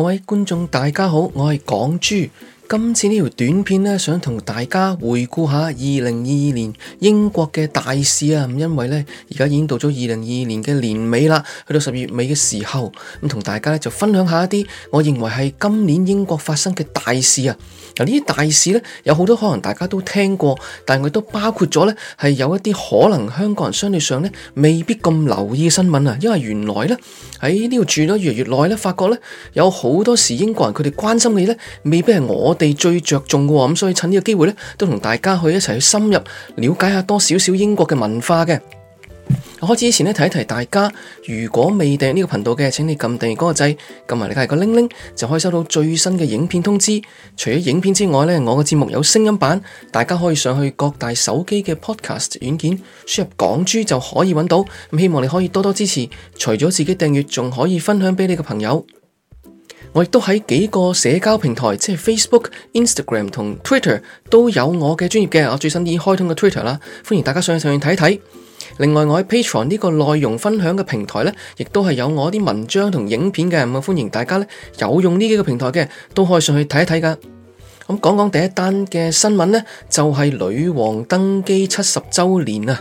各位觀眾，大家好，我係港珠。今次呢條短片呢，想同大家回顧下二零二二年英國嘅大事啊。因為呢，而家已經到咗二零二二年嘅年尾啦，去到十月尾嘅時候，咁同大家呢就分享一下一啲我認為係今年英國發生嘅大事啊。嗱，呢啲大事呢，有好多可能大家都聽過，但係佢都包括咗呢，係有一啲可能香港人相對上呢未必咁留意嘅新聞啊。因為原來呢，喺呢度住咗越嚟越耐呢，發覺呢，有好多時英國人佢哋關心你呢，未必係我地最着重嘅，咁所以趁呢個機會呢，都同大家去一齊去深入了解下多少少英國嘅文化嘅。開始之前呢，提一提大家，如果未訂呢個頻道嘅，請你撳訂嗰個掣，撳埋你家下個鈴鈴，就可以收到最新嘅影片通知。除咗影片之外呢，我嘅節目有聲音版，大家可以上去各大手機嘅 Podcast 軟件輸入港珠就可以揾到。咁希望你可以多多支持，除咗自己訂閱，仲可以分享俾你嘅朋友。我亦都喺幾個社交平台，即係 Facebook、Instagram 同 Twitter 都有我嘅專頁嘅，我最新已經開通嘅 Twitter 啦，歡迎大家上去上去睇睇。另外我喺 Patreon 呢個內容分享嘅平台咧，亦都係有我啲文章同影片嘅，咁啊歡迎大家咧，有用呢幾個平台嘅都可以上去睇一睇噶。咁講講第一單嘅新聞咧，就係女王登基七十周年啊，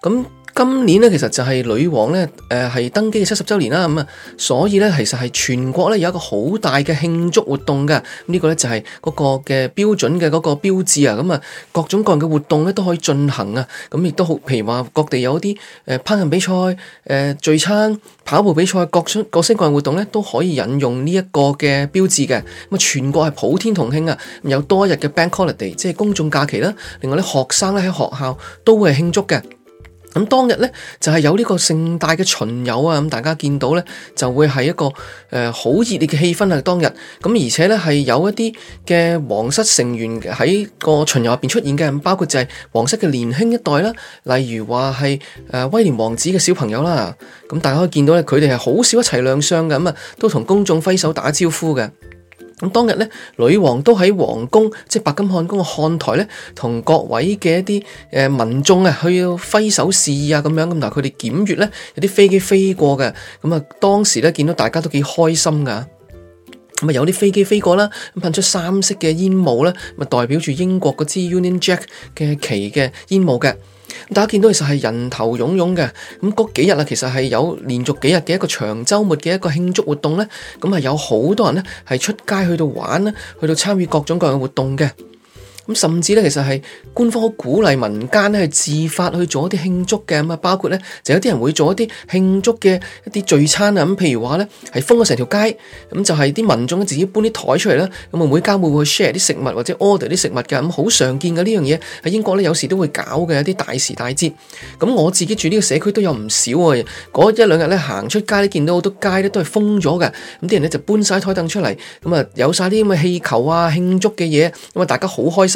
咁。今年呢，其實就係女王呢，誒、呃、係登基七十周年啦。咁、嗯、啊，所以呢，其實係全國呢有一個好大嘅慶祝活動嘅。呢、嗯，這個呢，就係嗰個嘅標準嘅嗰個標誌啊。咁、嗯、啊，各種各樣嘅活動呢都可以進行啊。咁、嗯、亦都好，譬如話各地有啲誒、呃、烹飪比賽、誒、呃、聚餐、跑步比賽，各種各式各，各樣活動呢，都可以引用呢一個嘅標誌嘅。咁、嗯、啊，全國係普天同慶啊。咁有多日嘅 Bank Holiday，即係公眾假期啦。另外呢，學生呢喺學校都會慶祝嘅。咁當日咧就係有呢個盛大嘅巡遊啊！咁大家見到咧就會係一個誒好熱烈嘅氣氛啊！當日咁而且咧係有一啲嘅皇室成員喺個巡遊入邊出現嘅，包括就係皇室嘅年輕一代啦，例如話係誒威廉王子嘅小朋友啦。咁大家可以見到咧，佢哋係好少一齊亮相嘅，咁啊都同公眾揮手打招呼嘅。咁當日咧，女王都喺皇宮，即係白金漢宮嘅看台咧，同各位嘅一啲誒民眾啊，去揮手示意啊咁樣，嗱，佢哋檢閲咧，有啲飛機飛過嘅，咁啊當時呢，見到大家都幾開心噶。有啲飛機飛過啦，噴出三色嘅煙霧咧，咪代表住英國嗰支 Union Jack 嘅旗嘅煙霧嘅。大家見到其實係人頭涌涌嘅，咁嗰幾日啊其實係有連續幾日嘅一個長週末嘅一個慶祝活動咧，咁啊有好多人咧係出街去到玩咧，去到參與各種各樣活動嘅。咁甚至咧，其實係官方好鼓勵民間咧係自發去做一啲慶祝嘅咁啊，包括咧就有啲人會做一啲慶祝嘅一啲聚餐啊咁、嗯，譬如話咧係封咗成條街，咁、嗯、就係、是、啲民眾自己搬啲台出嚟啦，咁、嗯、啊每家每戶去 share 啲食物或者 order 啲食物嘅咁，好、嗯、常見嘅呢樣嘢喺英國咧有時都會搞嘅一啲大時大節。咁、嗯、我自己住呢個社區都有唔少啊，嗰一兩日咧行出街咧見到好多街咧都係封咗嘅，咁、嗯、啲人咧就搬晒台凳出嚟，咁、嗯、啊有晒啲咁嘅氣球啊慶祝嘅嘢，咁、嗯、啊大家好開心。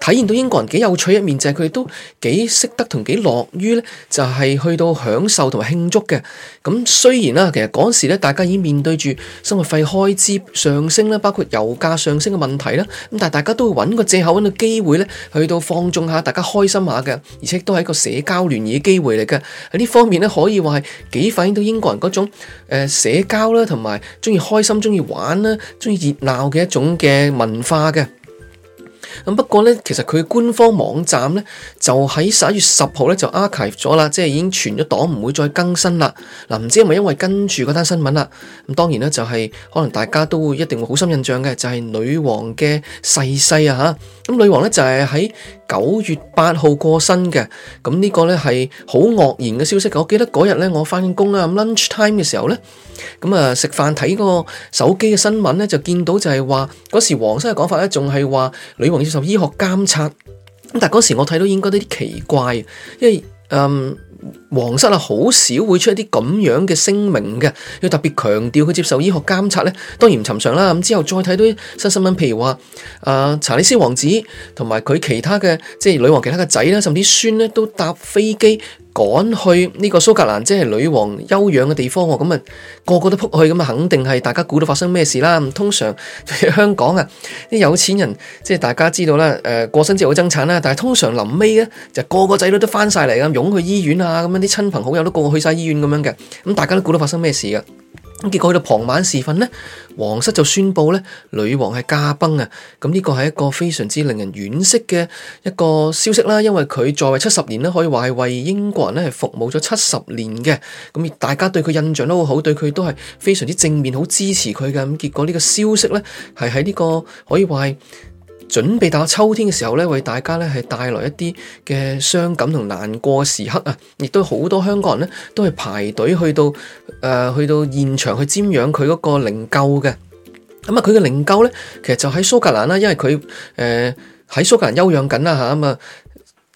體現到英國人幾有趣一面就係佢哋都幾識得同幾樂於咧，就係去到享受同埋慶祝嘅。咁雖然啦，其實嗰時咧，大家已經面對住生活費開支上升啦，包括油價上升嘅問題啦。咁但係大家都會揾個借口揾個機會咧，去到放縱下，大家開心下嘅，而且都係一個社交聯誼機會嚟嘅。喺呢方面咧，可以話係幾反映到英國人嗰種誒社交啦，同埋中意開心、中意玩啦、中意熱鬧嘅一種嘅文化嘅。咁不過咧，其實佢官方網站咧就喺十一月十號咧就 archive 咗啦，即係已經存咗檔，唔會再更新啦。嗱，唔知係咪因為跟住嗰單新聞啦？咁當然咧就係可能大家都會一定會好深印象嘅，就係女王嘅逝世啊嚇！咁女王咧就係喺九月八號過身嘅。咁呢個咧係好愕然嘅消息。我記得嗰日咧我翻工啊 lunch time 嘅時候咧，咁啊食飯睇嗰個手機嘅新聞咧就見到就係話嗰時王室嘅講法咧仲係話女王接受醫學監察咁，但係嗰時我睇到應該都啲奇怪，因為嗯，皇室啊好少會出一啲咁樣嘅聲明嘅，要特別強調佢接受醫學監察咧，當然唔尋常啦。咁之後再睇到啲新新聞，譬如話啊查理斯王子同埋佢其他嘅即係女王其他嘅仔啦，甚至孫咧都搭飛機。趕去呢個蘇格蘭，即係女王休養嘅地方喎，咁啊個個都撲去，咁啊肯定係大家估到發生咩事啦。通常喺香港啊，啲有錢人即係大家知道啦，誒過身之後會爭產啦，但係通常臨尾咧就個個仔女都翻晒嚟咁，擁去醫院啊，咁樣啲親朋好友都個個去晒醫院咁樣嘅，咁大家都估到發生咩事噶。咁結果去到傍晚時分咧，皇室就宣佈咧，女王係駕崩啊！咁、嗯、呢、呢個係一個非常之令人惋惜嘅一個消息啦，因為佢在位七十年咧，可以話係為英國人咧係服務咗七十年嘅，咁、嗯、大家對佢印象都好，好，對佢都係非常之正面，好支持佢嘅。咁、嗯、結果呢個消息咧，係喺呢個可以話係，準備到秋天嘅時候咧，為大家咧係帶來一啲嘅傷感同難過時刻啊！亦都好多香港人咧都係排隊去到誒、呃、去到現場去瞻仰佢嗰個靈柩嘅。咁啊，佢嘅靈柩咧，其實就喺蘇格蘭啦，因為佢誒喺蘇格蘭休養緊啦嚇咁啊。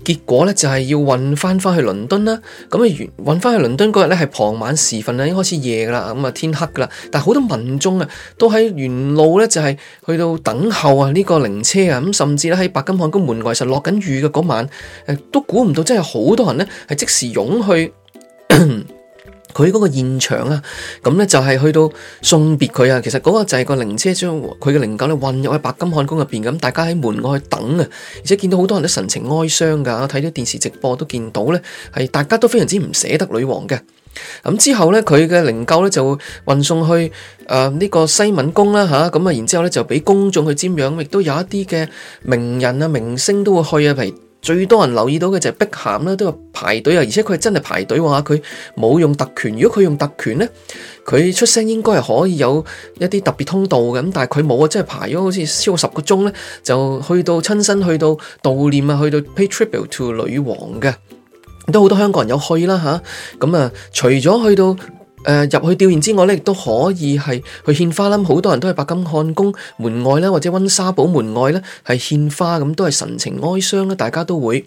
結果咧就係要運翻翻去倫敦啦，咁啊原運翻去倫敦嗰日咧係傍晚時分啦，已經開始夜噶啦，咁啊天黑噶啦，但係好多民眾啊都喺沿路咧就係去到等候啊呢個靈車啊，咁甚至咧喺白金漢宮門外就落緊雨嘅嗰晚，誒都估唔到真係好多人咧係即時湧去。佢嗰個現場啊，咁呢就係去到送別佢啊。其實嗰個就係個靈車將佢嘅靈柩呢運入去白金漢宮入邊，咁，大家喺門外等啊。而且見到好多人都神情哀傷噶，睇到電視直播都見到呢，係大家都非常之唔捨得女王嘅。咁之後呢，佢嘅靈柩呢就會運送去誒呢、呃呢個西敏宮啦吓，咁啊，然之後呢就俾公眾去瞻仰，亦都有一啲嘅名人啊、明星都會去啊。最多人留意到嘅就係碧咸啦，都有排隊啊，而且佢係真係排隊喎，佢冇用特權。如果佢用特權咧，佢出聲應該係可以有一啲特別通道㗎，但係佢冇啊，即係排咗好似超過十個鐘咧，就去到親身去到悼念啊，去到 pay tribute to 女王嘅，都好多香港人有去啦吓。咁啊，啊，除咗去到。呃，入去吊唁之外咧，亦都可以係去獻花啦。好多人都係白金漢宮門外咧，或者溫莎堡門外咧，係獻花咁，都係神情哀傷啦，大家都會。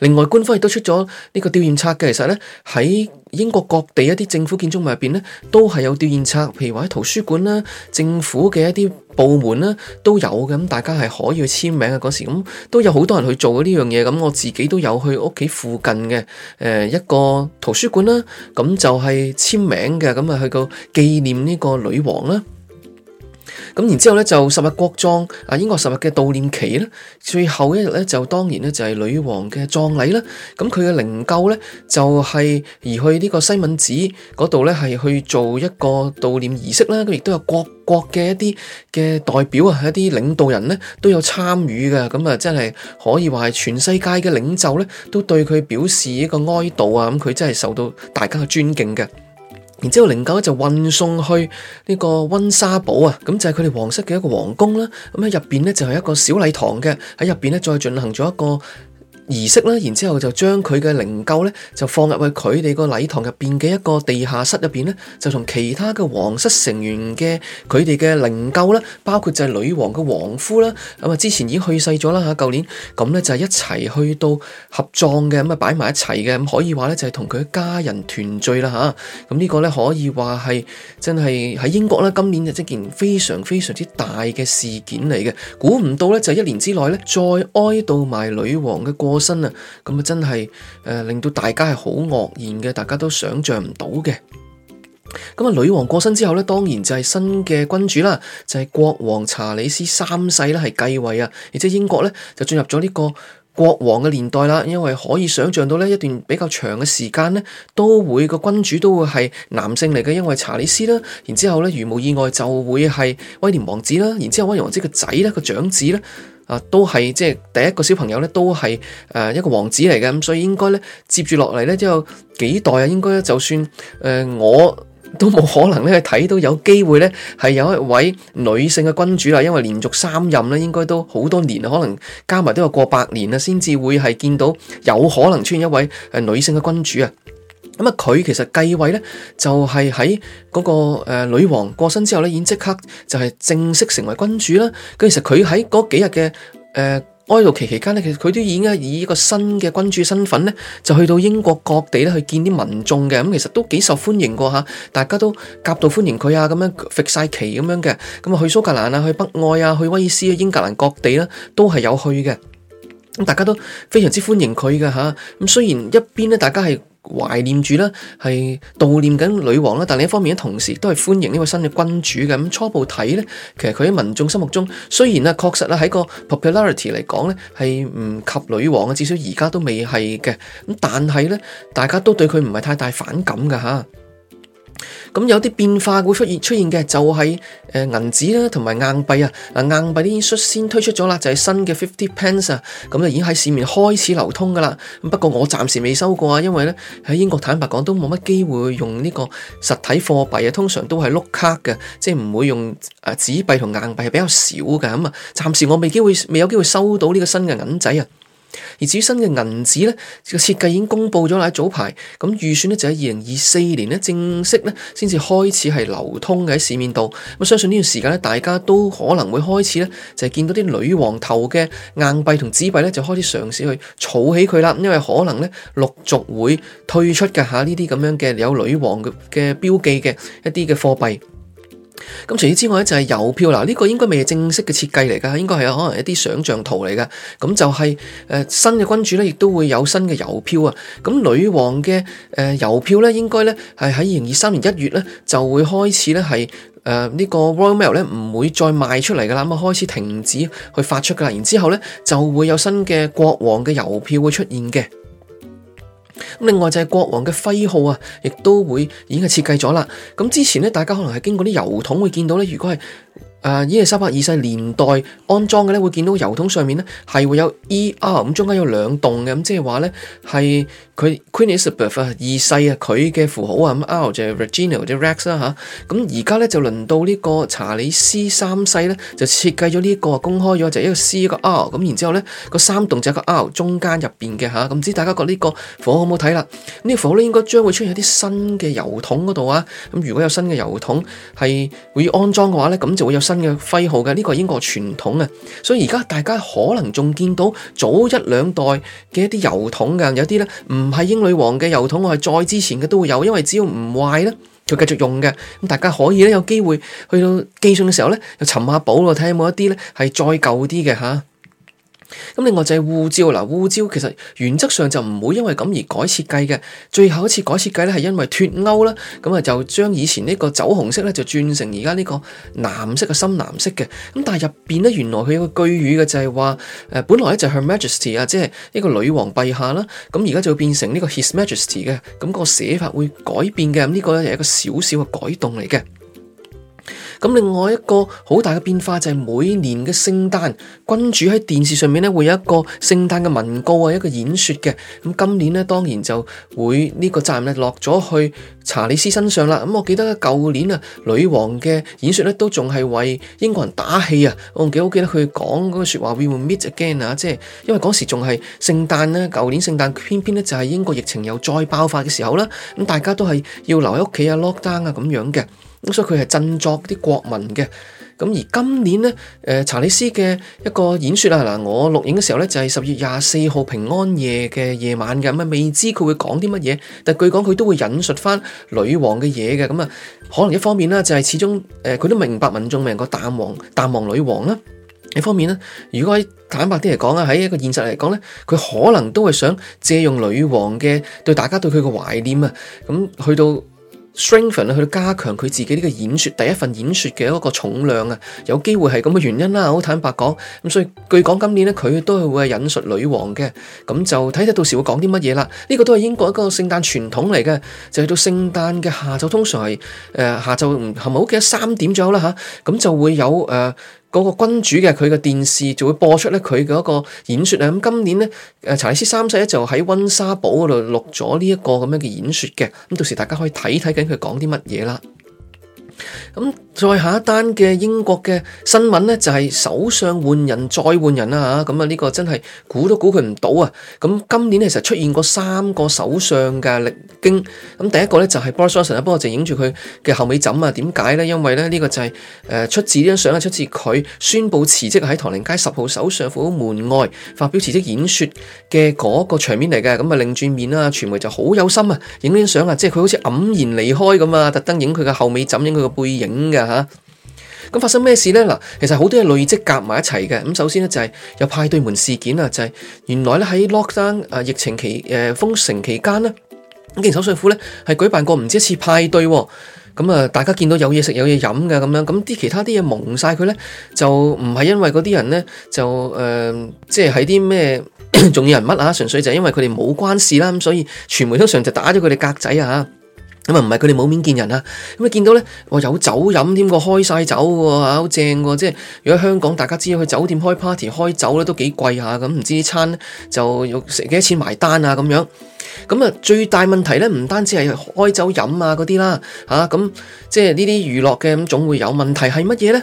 另外，官方亦都出咗呢個吊唁冊嘅。其實咧，喺英國各地一啲政府建築物入邊咧，都係有吊唁冊。譬如話喺圖書館啦、政府嘅一啲部門啦，都有嘅。咁大家係可以去簽名嘅嗰時，咁都有好多人去做呢樣嘢。咁我自己都有去屋企附近嘅誒一個圖書館啦，咁就係簽名嘅。咁啊去個紀念呢個女王啦。咁然之後咧就十日國葬，啊英國十日嘅悼念期咧，最後一日咧就當然咧就係女王嘅葬禮啦。咁佢嘅靈柩咧就係移去呢個西敏寺嗰度咧，係去做一個悼念儀式啦。咁亦都有各國嘅一啲嘅代表啊，一啲領導人咧都有參與嘅。咁啊真係可以話係全世界嘅領袖咧都對佢表示一個哀悼啊。咁佢真係受到大家嘅尊敬嘅。然之後，靈柩就運送去呢個温莎堡啊，咁就係佢哋皇室嘅一個皇宮啦。咁喺入邊咧就係一個小禮堂嘅，喺入邊咧再進行咗一個儀式啦，然之後就將佢嘅靈柩咧，就放入去佢哋個禮堂入邊嘅一個地下室入邊咧，就同其他嘅皇室成員嘅佢哋嘅靈柩啦，包括就係女王嘅王夫啦，咁啊之前已經去世咗啦嚇，舊年咁咧就係一齊去到合葬嘅，咁啊擺埋一齊嘅，咁可以話咧就係同佢家人團聚啦吓，咁呢個咧可以話係真係喺英國咧今年就一件非常非常之大嘅事件嚟嘅，估唔到咧就係一年之內咧再哀悼埋女王嘅過。身啊，咁啊真係誒，令到大家係好愕然嘅，大家都想象唔到嘅。咁啊，女王過身之後咧，當然就係新嘅君主啦，就係國王查理斯三世啦，係繼位啊，而即係英國咧就進入咗呢個國王嘅年代啦。因為可以想象到呢一段比較長嘅時間呢，都會個君主都會係男性嚟嘅，因為查理斯啦，然之後咧如無意外就會係威廉王子啦，然之後威廉王子個仔咧個長子咧。啊，都係即係第一個小朋友咧，都係誒、呃、一個王子嚟嘅，咁所以應該咧接住落嚟咧，都有幾代啊，應該就算誒、呃、我都冇可能咧睇到有機會咧係有一位女性嘅君主啦。因為連續三任咧，應該都好多年，可能加埋都有過百年啊，先至會係見到有可能出現一位誒女性嘅君主啊。咁佢其實繼位咧，就係喺嗰個誒、呃、女王過身之後咧，已經即刻就係正式成為君主啦。咁其實佢喺嗰幾日嘅誒哀悼期期間咧，其實佢都已經係以一個新嘅君主身份咧，就去到英國各地咧去見啲民眾嘅。咁其實都幾受歡迎噶吓，大家都夾道歡迎佢啊，咁樣搣晒旗咁樣嘅。咁啊，去蘇格蘭啊，去北愛啊，去威爾斯啊，英格蘭各地啦，都係有去嘅。咁大家都非常之歡迎佢噶吓。咁雖然一邊咧，大家係。懷念住啦，係悼念緊女王啦，但另一方面咧，同時都係歡迎呢個新嘅君主嘅。咁初步睇咧，其實佢喺民眾心目中，雖然啊，確實啊喺個 popularity 嚟講咧，係唔及女王啊，至少而家都未係嘅。咁但係咧，大家都對佢唔係太大反感㗎吓。咁有啲變化會出現出現嘅，就係、是、誒銀紙啦，同埋硬幣啊，硬幣已經率先推出咗啦，就係、是、新嘅 fifty pence 啊，咁啊已經喺市面開始流通㗎喇。不過我暫時未收過啊，因為呢喺英國坦白講都冇乜機會用呢個實體貨幣啊，通常都係碌卡嘅，即係唔會用誒紙幣同硬幣係比較少嘅咁啊。暫時我未機會未有機會收到呢個新嘅銀仔啊。而至於新嘅銀紙咧，個設計已經公布咗啦，喺早排咁預算咧就喺二零二四年咧正式咧先至開始係流通嘅喺市面度。咁相信呢段時間咧，大家都可能會開始咧就係見到啲女王頭嘅硬幣同紙幣咧，就開始嘗試去儲起佢啦。因為可能咧陸續會退出嘅吓呢啲咁樣嘅有女王嘅嘅標記嘅一啲嘅貨幣。除此之外咧就係、是、郵票啦，呢、這個應該未係正式嘅設計嚟噶，應該係可能一啲想象圖嚟噶。咁就係、是、誒、呃、新嘅君主咧，亦都會有新嘅郵票啊。咁女王嘅誒郵票咧，應該咧係喺二零二三年一月咧就會開始咧係誒呢個 Royal Mail 咧唔會再賣出嚟噶啦，咁啊開始停止去發出噶啦，然之後咧就會有新嘅國王嘅郵票會出現嘅。另外就係國王嘅徽號啊，亦都會已經係設計咗啦。咁之前咧，大家可能係經過啲郵筒會見到咧，如果係。誒伊利沙伯二世年代安裝嘅咧，會見到郵筒上面咧係會有 E R 咁，中間有兩棟嘅，咁即係話咧係佢 Queen Elizabeth 二世啊，佢嘅符號啊。咁 R 就係 Regina Rex 啦吓、啊、咁而家咧就輪到呢個查理斯三世咧就設計咗呢一個公開咗就係、一個 C 一個 R 咁，然之後咧個三棟就一個 R 中間入邊嘅吓。咁唔知大家覺得個符號、這個、符號呢個符號好唔好睇啦？呢個符號咧應該將會出現喺啲新嘅郵筒嗰度啊。咁如果有新嘅郵筒係會要安裝嘅話咧，咁就會有嘅揮耗嘅。呢個係英國傳統啊，所以而家大家可能仲見到早一兩代嘅一啲油桶嘅，有啲咧唔係英女王嘅油桶，我係再之前嘅都會有，因為只要唔壞咧，就繼續用嘅，咁大家可以咧有機會去到寄信嘅時候咧，又尋下寶咯，睇有冇一啲咧係再舊啲嘅吓。咁另外就係護照啦，護照其實原則上就唔會因為咁而改設計嘅，最後一次改設計呢，係因為脫歐啦，咁啊就將以前呢個酒紅色呢，就轉成而家呢個藍色嘅深藍色嘅，咁但係入面咧原來佢有個句語嘅就係話，本來咧就係 Her Majesty 啊，即係一個女王陛下啦，咁而家就會變成呢個 His Majesty 嘅，咁個寫法會改變嘅，咁呢個係一個少少嘅改動嚟嘅。咁另外一個好大嘅變化就係、是、每年嘅聖誕，君主喺電視上面咧會有一個聖誕嘅文告，啊，一個演説嘅。咁今年咧當然就會呢個責任咧落咗去查理斯身上啦。咁、嗯、我記得舊年啊，女王嘅演説呢都仲係為英國人打氣啊。我幾好記得佢講嗰個説話，We will meet again 啊，即係因為嗰時仲係聖誕呢，舊年聖誕偏偏咧就係英國疫情又再爆發嘅時候啦。咁大家都係要留喺屋企啊，lockdown 啊咁樣嘅。咁所以佢係振作啲國民嘅，咁而今年咧，誒查理斯嘅一個演說啊，嗱我錄影嘅時候咧就係、是、十月廿四號平安夜嘅夜晚嘅，咁啊未知佢會講啲乜嘢，但據講，佢都會引述翻女王嘅嘢嘅，咁、嗯、啊可能一方面咧就係、是、始終誒，佢、呃、都明白民眾命個淡王淡王女王啦，一方面咧，如果坦白啲嚟講啊，喺一個現實嚟講咧，佢可能都係想借用女王嘅對大家對佢嘅懷念啊，咁、嗯、去到。strengthen 啊，佢加強佢自己呢個演說，第一份演說嘅一個重量啊，有機會係咁嘅原因啦，好坦白講。咁所以據講今年咧，佢都係會引述女王嘅，咁就睇睇到時會講啲乜嘢啦。呢、這個都係英國一個聖誕傳統嚟嘅，就去、是、到聖誕嘅下晝，通常係誒、呃、下晝係咪好記得三點左右啦吓，咁、啊、就會有誒。呃嗰個君主嘅佢嘅電視就會播出咧佢嘅一個演說啊！咁今年咧，查理斯三世就喺溫莎堡嗰度錄咗呢一個咁樣嘅演說嘅，咁到時大家可以睇睇緊佢講啲乜嘢啦。咁再下一單嘅英國嘅新聞呢，就係首相換人再換人啊。吓，咁啊呢個真係估都估佢唔到啊！咁今年其實出現過三個首相嘅歷經，咁、啊、第一個呢，就係 Boris Johnson 啦，不過就影住佢嘅後尾枕啊，點解呢？因為咧呢、呢個就係誒出自呢張相啊，出自佢宣布辭職喺唐寧街十號首相府門外發表辭職演說嘅嗰個場面嚟嘅，咁啊擰轉面啦，傳媒就好有心啊，影呢張相啊，即係佢好似黯然離開咁啊，特登影佢嘅後尾枕，影佢個。背影嘅吓，咁、啊、發生咩事咧？嗱，其實好多嘢累積夾埋一齊嘅。咁首先咧就係、是、有派對門事件啊，就係、是、原來咧喺 Lockdown 誒疫情期誒、呃、封城期間咧，竟然首相府咧係舉辦過唔止一次派對，咁啊、嗯、大家見到有嘢食有嘢飲嘅咁樣，咁啲其他啲嘢蒙晒佢咧，就唔係因為嗰啲人咧就誒即係喺啲咩重要人物啊，純粹就係因為佢哋冇關事啦，咁所以傳媒通常就打咗佢哋格仔啊。咁啊，唔係佢哋冇面見人啊！咁啊，見到咧，哇，有酒飲添，個開晒酒喎，啊，好正喎！即係如果香港大家知道去酒店開 party 開酒咧，都幾貴下咁，唔知一餐就有食幾多錢埋單啊咁樣。咁、嗯、啊，最大問題咧，唔單止係開酒飲啊嗰啲啦，嚇咁、啊嗯，即係呢啲娛樂嘅咁總會有問題係乜嘢咧？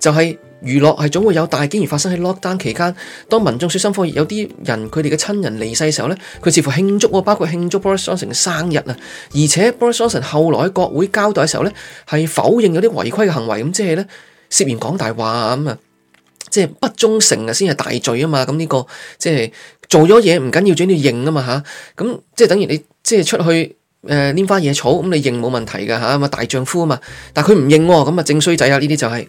就係、是。娛樂係總會有，但竟然發生喺 lockdown 期間。當民眾水深火熱，有啲人佢哋嘅親人離世嘅時候咧，佢似乎慶祝，包括慶祝 Boris Johnson 嘅生日啊。而且 Boris Johnson 後來喺國會交代嘅時候咧，係否認有啲違規嘅行為，咁即係咧涉嫌講大話啊，咁啊，即係不忠誠啊，先係大罪啊嘛。咁呢個即係做咗嘢唔緊要，最緊要認啊嘛吓。咁即係等於你即係出去誒拈花惹草，咁你認冇問題噶吓，咁啊大丈夫啊嘛。但佢唔認，咁啊正衰仔啊，呢啲就係。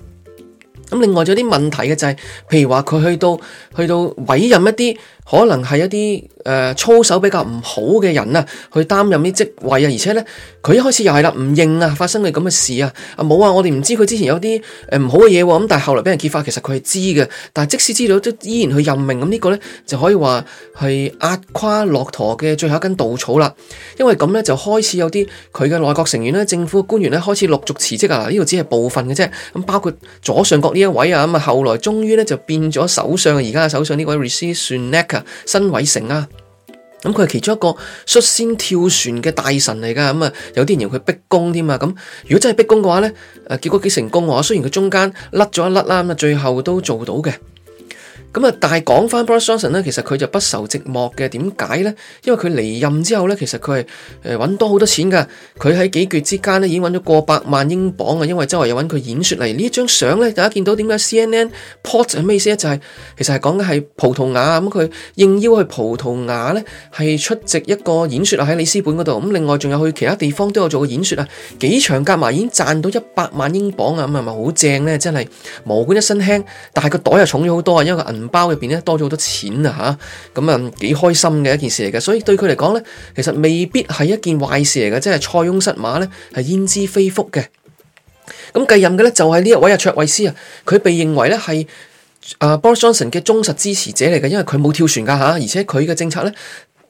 咁另外仲有啲問題嘅就係，譬如話佢去到去到委任一啲。可能係一啲誒、呃、操守比較唔好嘅人啊，去擔任啲職位啊，而且咧佢一開始又係啦，唔認啊發生嘅咁嘅事啊，啊冇啊，我哋唔知佢之前有啲誒唔好嘅嘢喎，咁但係後來俾人揭發，其實佢係知嘅，但係即使知道都依然去任命，咁呢個咧就可以話係壓垮駱駝嘅最後一根稻草啦。因為咁咧就開始有啲佢嘅內閣成員咧，政府官員咧開始陸續辭職啊，呢個只係部分嘅啫，咁包括左上角呢一位啊，咁啊後來終於咧就變咗首相，而家嘅首相呢位 Rishi Sunak 辛偉誠啊，咁佢係其中一個率先跳船嘅大臣嚟噶，咁啊有啲人話佢逼宮添啊，咁如果真係逼宮嘅話咧，誒結果幾成功喎，雖然佢中間甩咗一甩啦，咁啊最後都做到嘅。咁啊、嗯，但係講翻 Boris Johnson 咧，其實佢就不愁寂寞嘅。點解咧？因為佢離任之後咧，其實佢係誒揾多好多錢噶。佢喺幾個月之間咧，已經揾咗過百萬英鎊啊！因為周圍有揾佢演說嚟。張呢張相咧，大家見到點解 CNN post 係咩意思咧？就係、是、其實係講緊係葡萄牙咁，佢應邀去葡萄牙咧係出席一個演說啊，喺里斯本嗰度。咁另外仲有去其他地方都有做過演說啊，幾場夾埋已經賺到一百萬英鎊啊！咁係咪好正咧？真係無官一身輕，但係個袋又重咗好多啊！因為銀包入邊咧多咗好多錢啊吓，咁啊幾開心嘅一件事嚟嘅，所以對佢嚟講咧，其實未必係一件壞事嚟嘅，即係塞翁失馬咧係焉知非福嘅。咁繼任嘅咧就係呢一位阿卓偉斯啊，佢被認為咧係啊 Boris Johnson 嘅忠實支持者嚟嘅，因為佢冇跳船噶吓，而且佢嘅政策咧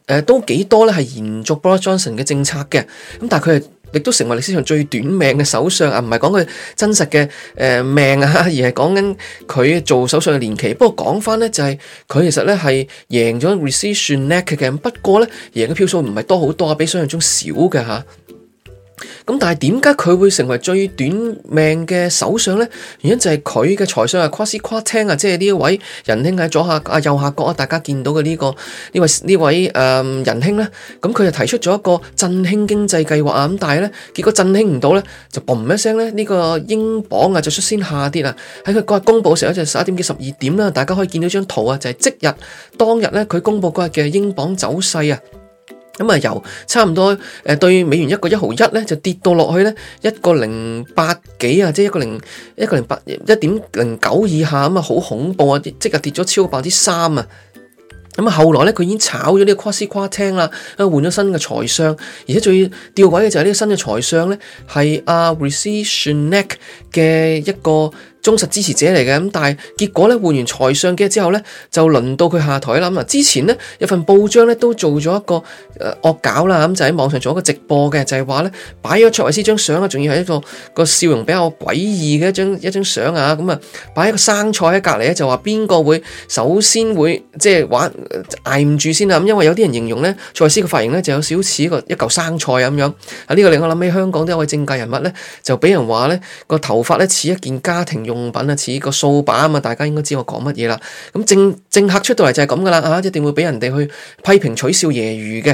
誒都幾多咧係延續 Boris Johnson 嘅政策嘅，咁但係佢啊。亦都成為歷史上最短命嘅首相啊，唔係講佢真實嘅誒、呃、命啊，而係講緊佢做首相嘅年期。不過講翻咧，就係、是、佢其實咧係贏咗 recession neck 嘅，不過咧贏嘅票數唔係多好多，比想象中少嘅嚇。啊。咁但係點解佢會成為最短命嘅首相咧？原因就係佢嘅財相啊，誇斯誇聽啊，即係呢一位仁兄喺左下啊右下角啊，大家見到嘅、這個呃、呢個呢位呢位誒仁兄咧，咁佢就提出咗一個振興經濟計劃啊，咁但係咧結果振興唔到咧，就嘣一聲咧呢個英鎊啊就率先下跌啦。喺佢嗰日公布嘅時候咧就十一點幾十二點啦，大家可以見到張圖啊，就係、是、即日當日咧佢公布嗰日嘅英鎊走勢啊。咁啊、嗯，由差唔多誒、呃、對美元一個一毫一咧，就跌到落去咧一個零八幾啊，即係一個零一個零八一點零九以下，咁啊好恐怖啊！即日跌咗超過百分之三啊！咁啊、嗯，後來咧佢已經炒咗呢個跨市跨廳啦，啊換咗新嘅財相，而且最吊詭嘅就係呢個新嘅財相咧，係阿 Rishi Sunak 嘅一個忠實支持者嚟嘅。咁，但係結果咧換完財相嘅之後咧，就輪到佢下台啦。咁、嗯、啊，之前咧有份報章咧都做咗一個、呃、惡搞啦，咁、嗯、就喺網上做一個直播嘅，就係話咧擺咗卓慧思張相啊，仲要係一個個笑容比較詭異嘅一張一張相啊。咁、嗯、啊，擺一個生菜喺隔籬咧，就話邊個會首先會即係玩捱唔、呃、住先啦。咁、嗯、因為有啲人形容咧卓慧思嘅髮型咧就有少少似一個一嚿生菜啊咁樣。啊，呢、這個令我諗起香港有一位政界人物咧，就俾人話咧個頭髮咧似一件家庭用。用品啊，似個掃把啊嘛，大家應該知我講乜嘢啦。咁政政客出到嚟就係咁噶啦，啊一定會俾人哋去批評取笑揶揄嘅。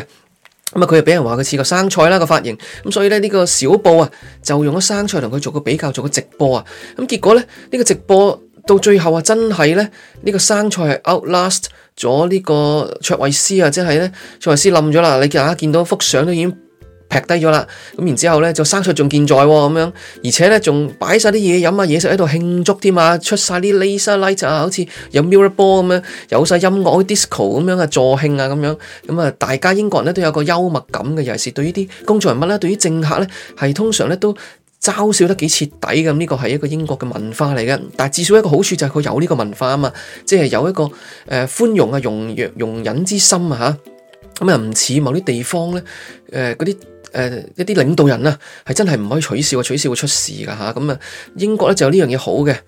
咁啊，佢又俾人話佢似個生菜啦個髮型。咁所以咧呢個小報啊，就用咗生菜同佢做個比較，做個直播啊。咁結果咧呢個直播到最後啊，真係咧呢個生菜係 outlast 咗呢個卓慧思啊，即係咧卓慧思冧咗啦。你啊見到幅相都已經。劈低咗啦，咁然之後咧就生出仲健在喎、哦，咁樣，而且咧仲擺晒啲嘢飲啊、嘢食喺度慶祝添啊，出晒啲 laser light 啊，好似有 mirror ball 咁樣，有晒音樂 disco 咁樣嘅助慶啊咁樣，咁啊大家英國人咧都有個幽默感嘅，尤其是對於啲公眾人物啦，對於政客咧，係通常咧都嘲笑得幾徹底嘅，呢個係一個英國嘅文化嚟嘅。但係至少一個好處就係佢有呢個文化啊嘛，即係有一個誒寬、呃、容啊、容弱、容忍之心啊嚇，咁啊唔似某啲地方咧誒啲。呃誒、呃、一啲領導人啊，係真係唔可以取笑，啊。取笑會出事㗎吓。咁啊，英國咧就有呢樣嘢好嘅，咁、啊、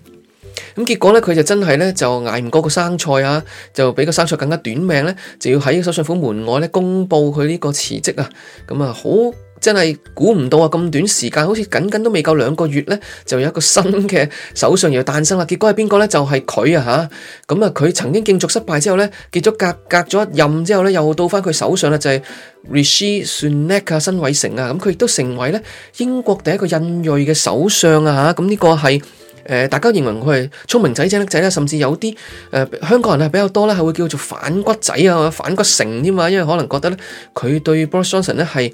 結果咧佢就真係咧就捱唔過個生菜啊，就比個生菜更加短命咧，就要喺首相府門外咧公佈佢呢個辭職啊，咁啊好。真係估唔到啊！咁短時間，好似僅僅都未夠兩個月咧，就有一個新嘅首相又誕生啦。結果係邊個咧？就係、是、佢啊！嚇，咁啊，佢曾經競逐失敗之後咧，結咗隔隔咗一任之後咧，又到翻佢手上啦，就係、是、Rishi Sunak 啊，新委成啊。咁佢亦都成為咧英國第一個印裔嘅首相啊！嚇、啊，咁、這、呢個係誒、呃、大家認為佢係聰明仔、精叻仔啦，甚至有啲誒、呃、香港人係比較多啦，係會叫做反骨仔啊、反骨成添嘛，因為可能覺得咧佢對 Boris Johnson 咧係。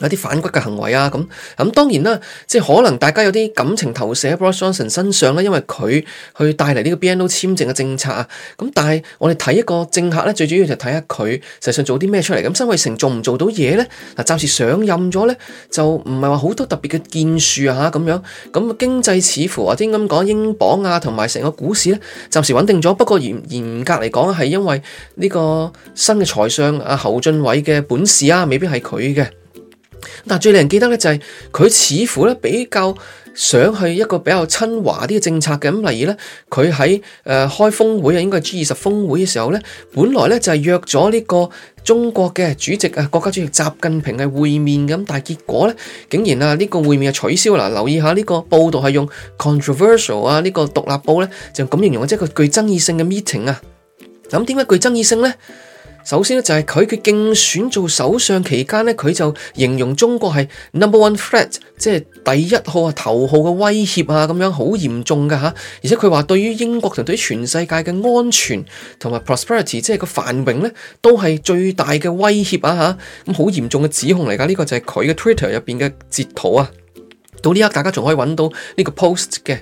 有啲反骨嘅行為啊，咁咁當然啦，即係可能大家有啲感情投射喺 Boris Johnson 身上咧，因為佢去帶嚟呢個 BNO 簽證嘅政策啊。咁但係我哋睇一個政客咧，最主要就睇下佢實際上做啲咩出嚟。咁辛偉誠做唔做到嘢咧？嗱，暫時上任咗咧，就唔係話好多特別嘅建樹啊，咁樣咁經濟似乎話啲咁講，英鎊啊同埋成個股市咧暫時穩定咗。不過嚴嚴格嚟講，係因為呢個新嘅財相阿侯俊偉嘅本事啊，未必係佢嘅。但最令人記得咧就係佢似乎咧比較想去一個比較親華啲嘅政策嘅，咁例如咧佢喺誒開峰會啊，應該係 G 二十峰會嘅時候咧，本來咧就係約咗呢個中國嘅主席啊，國家主席習近平嘅會面，咁但係結果咧竟然啊呢個會面啊取消啦。留意下呢個報道係用 controversial 啊，呢個獨立報咧就咁形容，即係一個具爭議性嘅 meeting 啊。咁點解具爭議性咧？首先咧就係佢嘅競選做首相期間咧，佢就形容中國係 number one threat，即係第一號啊頭號嘅威脅啊咁樣，好嚴重噶吓。而且佢話對於英國同對於全世界嘅安全同埋 prosperity，即係個繁榮咧，都係最大嘅威脅啊吓。咁好嚴重嘅指控嚟噶，呢個就係佢嘅 Twitter 入邊嘅截圖啊。到呢刻，大家仲可以搵到呢個 post 嘅。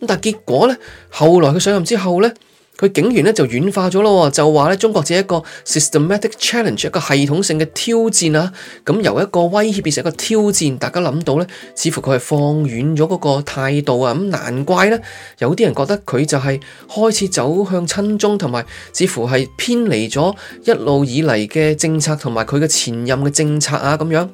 咁但係結果咧，後來佢上任之後咧。佢竟然呢就軟化咗咯，就話呢中國只係一個 systematic challenge，一個系統性嘅挑戰啊，咁由一個威脅變成一個挑戰，大家諗到呢，似乎佢係放軟咗嗰個態度啊，咁難怪呢，有啲人覺得佢就係開始走向親中，同埋似乎係偏離咗一路以嚟嘅政策同埋佢嘅前任嘅政策啊，咁樣。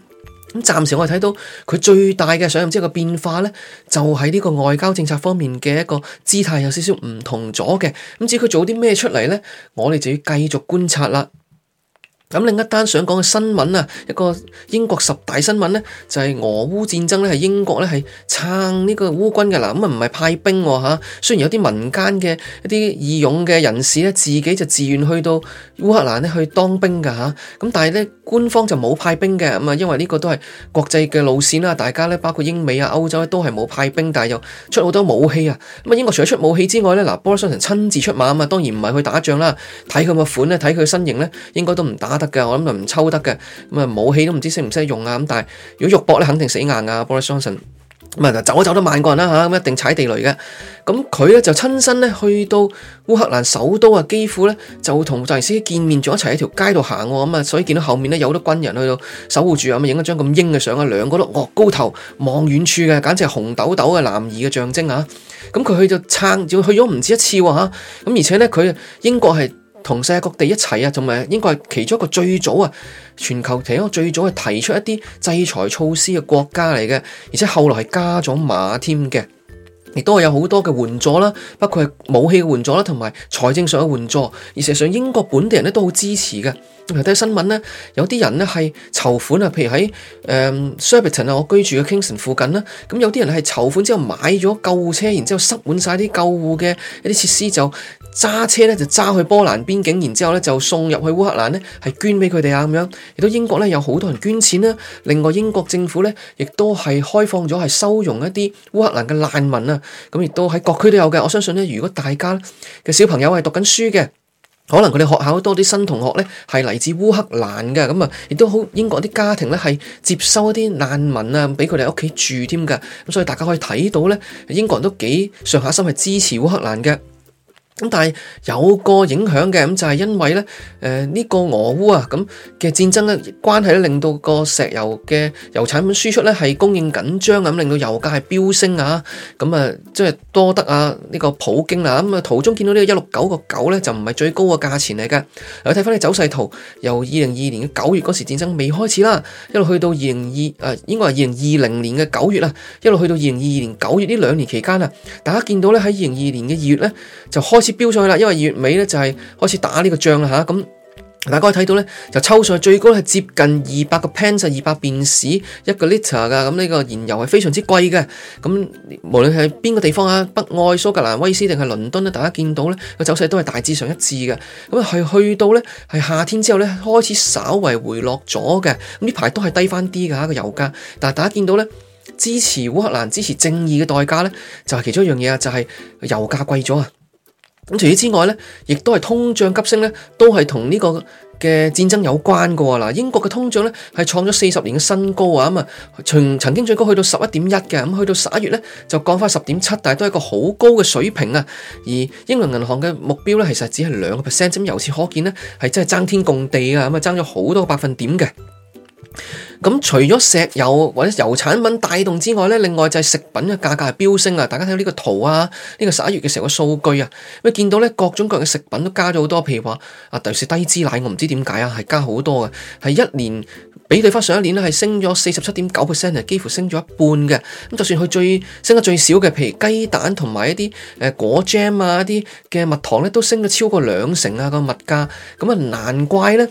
咁暫時我哋睇到佢最大嘅上任之後嘅變化咧，就係呢個外交政策方面嘅一個姿態有少少唔同咗嘅。咁至於佢做啲咩出嚟咧，我哋就要繼續觀察啦。另一單想講嘅新聞啊，一個英國十大新聞呢，就係、是、俄烏戰爭呢係英國呢，係撐呢個烏軍嘅嗱，咁啊唔係派兵嚇、哦，雖然有啲民間嘅一啲義勇嘅人士呢，自己就自願去到烏克蘭呢去當兵噶嚇，但係呢，官方就冇派兵嘅咁啊，因為呢個都係國際嘅路線啦，大家咧包括英美啊、歐洲咧都係冇派兵，但係又出好多武器啊，咁啊英國除咗出武器之外呢，嗱，波里斯莊臣親自出馬啊嘛，當然唔係去打仗啦，睇佢個款咧，睇佢個身形呢，應該都唔打得。得嘅，我諗就唔抽得嘅。咁啊，武器都唔知識唔識用啊。咁但係如果肉搏咧，肯定死硬啊。Boris Johnson 咁啊，走都走得慢過人啦吓，咁一定踩地雷嘅。咁佢咧就親身咧去到烏克蘭首都啊，幾乎咧就同澤連斯基見面，仲一齊喺條街度行。咁啊，所以見到後面咧有啲軍人去到守護住啊，咁影一張咁英嘅相啊，兩個都臥、哦、高頭望遠處嘅，簡直係紅豆豆嘅男兒嘅象徵啊。咁佢去咗撐，去咗唔止一次吓。咁而且咧，佢英國係。同世界各地一齊啊，同埋應該係其中一個最早啊，全球其中一個最早係提出一啲制裁措施嘅國家嚟嘅，而且後來係加咗碼添嘅，亦都有好多嘅援助啦，包括武器嘅援助啦，同埋財政上嘅援助，而事實上英國本地人咧都好支持嘅。睇下新聞咧，有啲人咧係籌款啊，譬如喺誒、呃、Surbiton 啊，我居住嘅 Kingston 附近啦，咁有啲人係籌款之後買咗救護車，然之後塞滿晒啲救護嘅一啲設施，就揸車咧就揸去波蘭邊境，然之後咧就送入去烏克蘭咧，係捐俾佢哋啊咁樣。亦都英國咧有好多人捐錢啦，另外英國政府咧亦都係開放咗係收容一啲烏克蘭嘅難民啊，咁亦都喺各區都有嘅。我相信咧，如果大家嘅小朋友係讀緊書嘅。可能佢哋學校多啲新同學咧，係嚟自烏克蘭嘅，咁啊，亦都好英國啲家庭咧，係接收一啲難民啊，俾佢哋喺屋企住添嘅，咁所以大家可以睇到咧，英國人都幾上下心係支持烏克蘭嘅。咁但係有個影響嘅咁就係、是、因為咧，誒、呃、呢、這個俄烏啊咁嘅戰爭咧關係咧，令到個石油嘅油產品輸出咧係供應緊張啊，咁令到油價係飆升啊，咁啊即係多得啊呢、這個普京啊，咁啊圖中見到呢個一六九個九咧就唔係最高嘅價錢嚟嘅，嚟睇翻啲走勢圖由二零二二年嘅九月嗰時戰爭未開始啦，一路去到二零二誒應該係二零二零年嘅九月啦，一路去到二零二二年九月呢兩年期間啊，大家見到咧喺二零二二年嘅二月咧就開開始飆上去啦，因為二月尾咧就係開始打呢個仗啦吓咁，大家可以睇到咧，就抽上最高係接近二百個 pence 二百便士一個 liter 噶咁呢個燃油係非常之貴嘅。咁、啊、無論係邊個地方啊，北愛、蘇格蘭、威斯定係倫敦咧，大家見到咧個走勢都係大致上一致嘅。咁、啊、係去到咧係夏天之後咧開始稍為回落咗嘅，咁呢排都係低翻啲噶一個、啊、油價，但係大家見到咧支持烏克蘭、支持正義嘅代價咧就係、是、其中一樣嘢啊，就係、是、油價貴咗啊！咁除此之外咧，亦都係通脹急升咧，都係同呢個嘅戰爭有關噶。嗱，英國嘅通脹咧係創咗四十年嘅新高啊，咁、嗯、啊，從曾經最高去到十一點一嘅，咁去到十一月咧就降翻十點七，但係都係一個好高嘅水平啊。而英倫銀行嘅目標咧，其實只係兩個 percent，咁由此可見咧，係真係爭天共地啊，咁啊爭咗好多個百分點嘅。咁除咗石油或者油產品帶動之外咧，另外就係食品嘅價格係飆升啊！大家睇到呢個圖啊，呢個十一月嘅成個數據啊，咁啊見到咧，各種各樣嘅食品都加咗好多，譬如話啊，尤其是低脂奶，我唔知點解啊，係加好多嘅，係一年比對翻上一年咧係升咗四十七點九 percent，幾乎升咗一半嘅。咁就算佢最升得最少嘅，譬如雞蛋同埋一啲誒果醬啊、一啲嘅蜜糖咧，都升咗超過兩成啊個物價，咁啊難怪咧。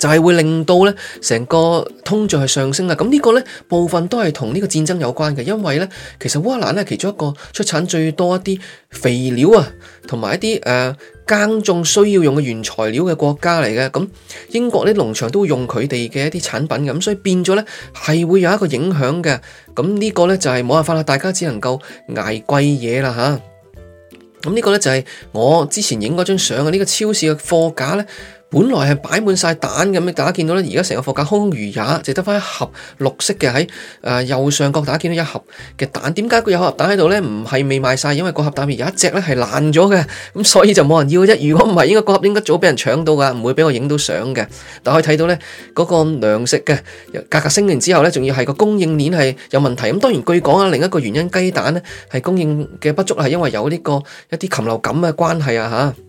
就係會令到呢成個通脹係上升啦，咁呢個呢部分都係同呢個戰爭有關嘅，因為呢其實烏克蘭呢其中一個出產最多一啲肥料啊，同埋一啲誒、呃、耕種需要用嘅原材料嘅國家嚟嘅，咁英國呢農場都會用佢哋嘅一啲產品，咁所以變咗呢係會有一個影響嘅，咁呢個呢就係、是、冇辦法啦，大家只能夠捱貴嘢啦吓，咁呢個呢就係、是、我之前影嗰張相嘅呢個超市嘅貨架呢。本來係擺滿晒蛋，咁大家見到咧，而家成個貨架空空如也，淨得翻一盒綠色嘅，喺誒右上角大家見到一盒嘅蛋，點解佢有盒蛋喺度咧？唔係未賣晒，因為個盒蛋而有一隻咧係爛咗嘅，咁所以就冇人要啫。如果唔係，應該個盒應該早俾人搶到噶，唔會俾我影到相嘅。但可以睇到咧，嗰個糧食嘅價格升完之後咧，仲要係個供應鏈係有問題。咁當然據講啊，另一個原因雞蛋咧係供應嘅不足，係因為有呢個一啲禽流感嘅關係啊吓。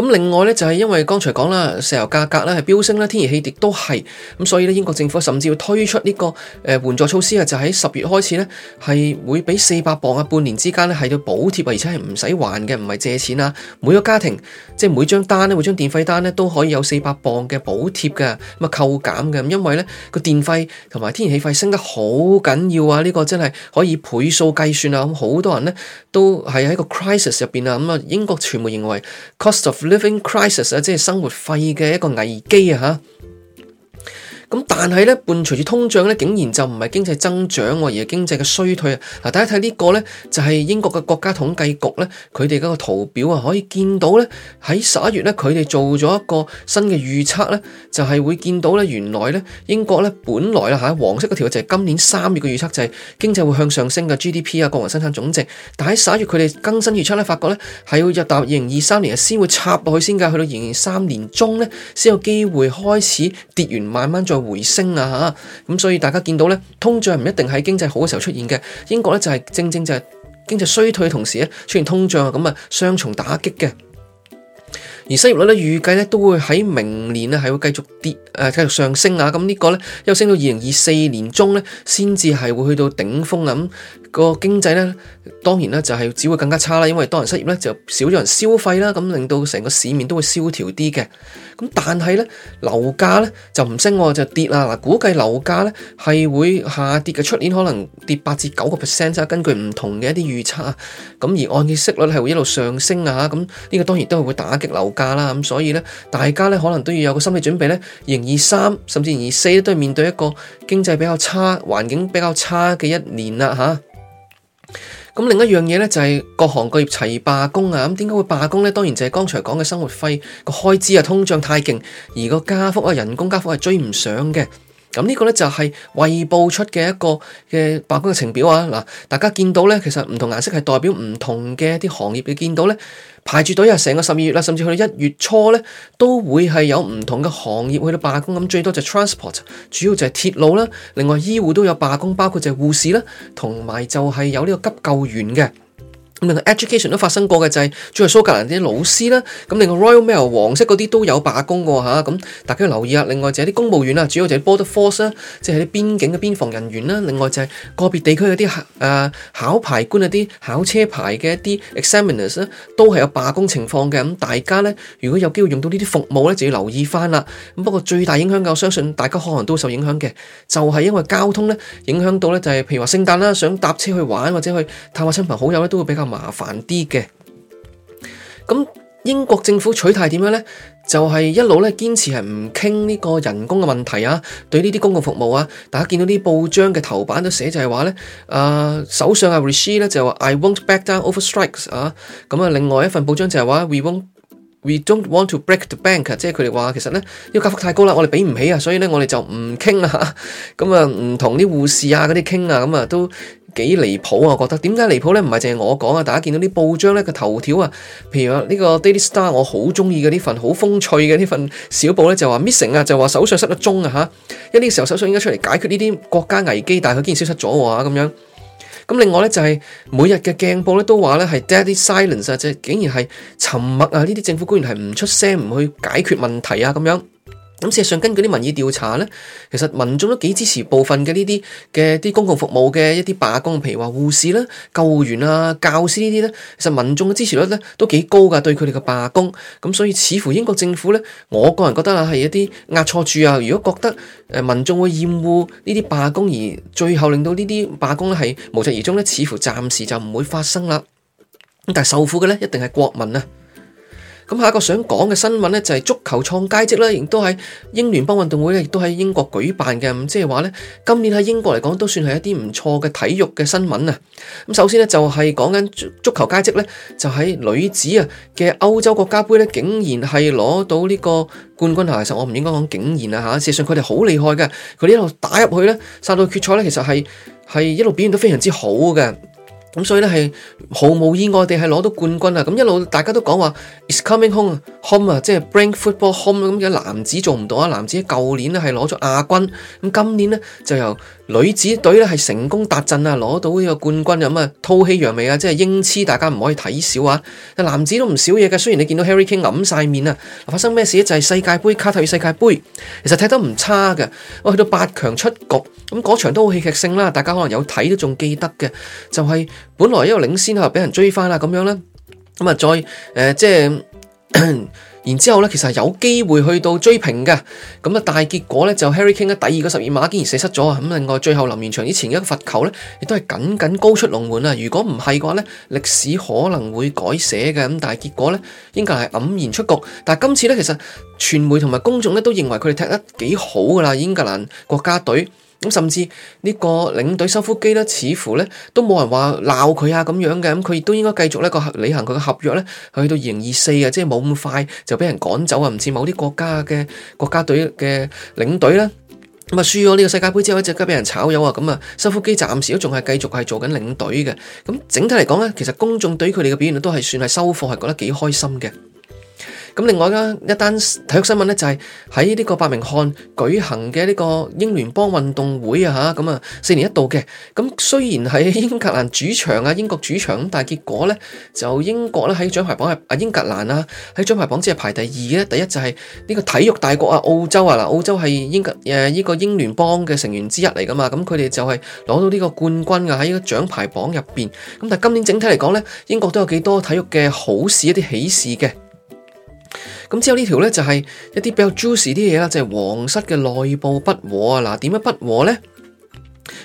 咁另外呢，就係因為剛才講啦，石油價格咧係飆升啦，天然氣亦都係，咁，所以咧英國政府甚至要推出呢個誒援助措施啊，就喺十月開始咧係會俾四百磅啊，半年之間咧係要補貼啊，而且係唔使還嘅，唔係借錢啊。每個家庭即係每張單咧，每張電費單咧都可以有四百磅嘅補貼嘅咁啊扣減嘅，因為咧個電費同埋天然氣費升得好緊要啊！呢個真係可以倍數計算啊！咁好多人咧都係喺個 crisis 入邊啊，咁啊英國傳媒認為 cost of living crisis 啊，即係生活費嘅一個危機啊，嚇！咁但係咧，伴隨住通脹咧，竟然就唔係經濟增長喎，而係經濟嘅衰退啊！嗱，大家睇呢個咧，就係英國嘅國家統計局咧，佢哋嗰個圖表啊，可以見到咧，喺十一月咧，佢哋做咗一個新嘅預測咧，就係會見到咧，原來咧，英國咧，本來啦嚇，黃色嗰條就係今年三月嘅預測，就係經濟會向上升嘅 GDP 啊，國民生產總值。但喺十一月佢哋更新預測咧，發覺咧，係要入到二零二三年先會插落去先㗎，去到二零三年中咧，先有機會開始跌完，慢慢再回升啊嚇，咁所以大家見到咧，通脹唔一定喺經濟好嘅時候出現嘅。英國咧就係、是、正正就係經濟衰退嘅同時咧，出現通脹啊，咁啊雙重打擊嘅。而失業率咧預計咧都會喺明年啊，係會繼續跌誒，呃，繼續上升啊。咁、這個、呢個咧又升到二零二四年中咧，先至係會去到頂峰啊咁。個經濟呢，當然呢，就係只會更加差啦，因為多人失業呢，就少咗人消費啦，咁令到成個市面都會蕭條啲嘅。咁但係呢，樓價呢，就唔升就跌啊！嗱，估計樓價呢，係會下跌嘅，出年可能跌八至九個 percent，根據唔同嘅一啲預測，咁而按揭息率呢係會一路上升啊！咁、吓、呢個當然都係會打擊樓價啦。咁所以呢，大家呢，可能都要有個心理準備呢，而二三甚至而二四都係面對一個經濟比較差、環境比較差嘅一年啦嚇。咁另一樣嘢呢，就係、是、各行各業齊罷工啊！咁點解會罷工呢？當然就係剛才講嘅生活費個開支啊，通脹太勁，而個加幅啊，人工加幅係追唔上嘅。咁呢個咧就係衛報出嘅一個嘅罷工嘅情表啊！嗱，大家見到咧，其實唔同顏色係代表唔同嘅一啲行業。你見到咧，排住隊啊，成個十二月啦，甚至去到一月初咧，都會係有唔同嘅行業去到罷工。咁最多就係 transport，主要就係鐵路啦。另外醫護都有罷工，包括就係護士啦，同埋就係有呢個急救員嘅。咁啊，education 都發生過嘅就係，仲有蘇格蘭啲老師啦。咁另外 Royal Mail 黃色嗰啲都有罷工喎嚇。咁、啊、大家要留意啊。另外就係啲公務員啦，主要就係 Border Force 啦，即係啲邊境嘅邊防人員啦。另外就係個別地區嗰啲啊考牌官啊啲考車牌嘅一啲 examiners 咧，都係有罷工情況嘅。咁、啊、大家咧，如果有機會用到呢啲服務咧，就要留意翻啦。咁、啊、不過最大影響嘅，我相信大家可能都會受影響嘅，就係因為交通咧影響到咧，就係譬如話聖誕啦，想搭車去玩或者去探下親朋好友咧，都會比較。麻煩啲嘅，咁英國政府取態點樣呢？就係、是、一路咧堅持係唔傾呢個人工嘅問題啊，對呢啲公共服務啊，大家見到啲報章嘅頭版都寫就係話、啊、呢，啊首相啊 Rishi 咧就話 I won't back down over strikes 啊，咁、嗯、啊另外一份報章就係話 We won't。」won We don't want to break the bank，即係佢哋話其實咧，因為價格太高啦，我哋俾唔起啊，所以咧我哋就唔傾啦嚇，咁啊唔同啲護士啊嗰啲傾啊，咁啊都幾離譜啊，我覺得點解離譜咧？唔係淨係我講啊，大家見到啲報章咧個頭條啊，譬如話呢個 Daily Star，我好中意嘅呢份好風趣嘅呢份小報咧，就話 missing 啊，就話首相失咗蹤啊吓，因為呢個時候首相應該出嚟解決呢啲國家危機，但係佢竟然消失咗啊咁樣。咁另外呢，就係每日嘅鏡報呢都話呢係 dead silence 啊，即係竟然係沉默啊！呢啲政府官員係唔出聲，唔去解決問題啊，咁樣。咁事實上，根據啲民意調查咧，其實民眾都幾支持部分嘅呢啲嘅啲公共服務嘅一啲罷工，譬如話護士啦、救護員啊、教師呢啲咧，其實民眾嘅支持率咧都幾高㗎，對佢哋嘅罷工。咁所以似乎英國政府咧，我個人覺得啊，係一啲押錯注啊。如果覺得誒民眾會厭惡呢啲罷工，而最後令到呢啲罷工咧係無疾而終咧，似乎暫時就唔會發生啦。咁但係受苦嘅咧，一定係國民啊！咁下一個想講嘅新聞呢，就係足球創佳績啦，亦都喺英聯邦運動會咧，亦都喺英國舉辦嘅。咁即係話呢，今年喺英國嚟講都算係一啲唔錯嘅體育嘅新聞啊。咁首先呢，就係講緊足球佳績呢，就係女子啊嘅歐洲國家杯呢，竟然係攞到呢個冠軍！其實我唔應該講竟然啊吓，事實上佢哋好厲害嘅，佢哋一路打入去呢，殺到決賽呢，其實係係一路表現都非常之好嘅。咁所以咧係毫無意外地係攞到冠軍啊！咁一路大家都講話 is coming home home 啊，即係 bring football home 咁嘅男子做唔到啊，男子舊年咧係攞咗亞軍，咁今年咧就由女子隊咧係成功達陣啊，攞到呢個冠軍咁啊，吐氣揚眉啊，即係英痴。大家唔可以睇小啊。男子都唔少嘢嘅，雖然你見到 Harry Kane 揞晒面啊，發生咩事？就係、是、世界杯卡塔爾世界杯，其實踢得唔差嘅，我去到八強出局咁嗰、那個、場都好戲劇性啦，大家可能有睇都仲記得嘅，就係、是、本來一個領先啊，俾人追翻啦咁樣咧，咁啊再誒、呃、即係。然之後呢，其實有機會去到追平嘅，咁啊大結果呢，就 Harry King 嘅第二個十二碼竟然射失咗啊！咁另外最後臨完場之前嘅一個罰球呢，亦都係僅僅高出龍門啊！如果唔係嘅話呢，歷史可能會改寫嘅。咁但係結果呢，英格蘭係黯然出局。但係今次呢，其實傳媒同埋公眾呢，都認為佢哋踢得幾好噶啦，英格蘭國家隊。咁甚至呢個領隊修夫基咧，似乎咧都冇人話鬧佢啊咁樣嘅，咁佢亦都應該繼續呢個履行佢嘅合約咧，去到二零二四嘅，即係冇咁快就俾人趕走啊，唔似某啲國家嘅國家隊嘅領隊咧咁啊，輸咗呢個世界盃之後，即刻俾人炒魷啊咁啊，修夫基暫時都仲係繼續係做緊領隊嘅。咁整體嚟講咧，其實公眾對佢哋嘅表現都係算係收貨，係覺得幾開心嘅。咁另外一單體育新聞咧，就係喺呢個伯明翰舉行嘅呢個英聯邦運動會啊嚇，咁啊四年一度嘅。咁雖然喺英格蘭主場啊、英國主場，但係結果呢，就英國咧喺獎牌榜入英格蘭啊喺獎牌榜只係排第二嘅，第一就係呢個體育大國啊澳洲啊，澳洲係英格誒呢個英聯邦嘅成員之一嚟㗎嘛，咁佢哋就係攞到呢個冠軍啊喺獎牌榜入邊。咁但今年整體嚟講呢，英國都有幾多體育嘅好事、一啲喜事嘅。咁之後呢條呢，就係一啲比較 juicy 啲嘢啦，就係皇室嘅內部不和啊！嗱，點樣不和呢？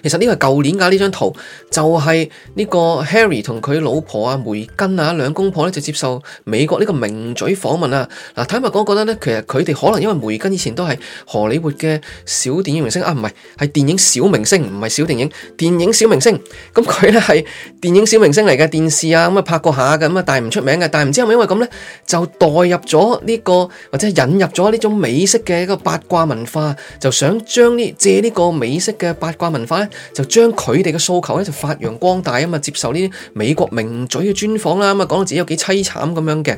其實呢個係舊年噶呢張圖，就係、是、呢個 Harry 同佢老婆阿、啊、梅根啊兩公婆咧就接受美國呢個名嘴訪問啊。嗱，坦白講，我覺得呢，其實佢哋可能因為梅根以前都係荷里活嘅小電影明星啊，唔係係電影小明星，唔係小電影，電影小明星。咁、嗯、佢呢係電影小明星嚟嘅，電視啊咁啊拍過下嘅，咁啊但唔出名嘅。但係唔知係咪因為咁呢，就代入咗呢、這個或者引入咗呢種美式嘅一個八卦文化，就想將呢借呢個美式嘅八卦文化。就將佢哋嘅訴求咧，就發揚光大啊！嘛，接受呢啲美國名嘴嘅專訪啦，咁啊講到自己有幾淒慘咁樣嘅。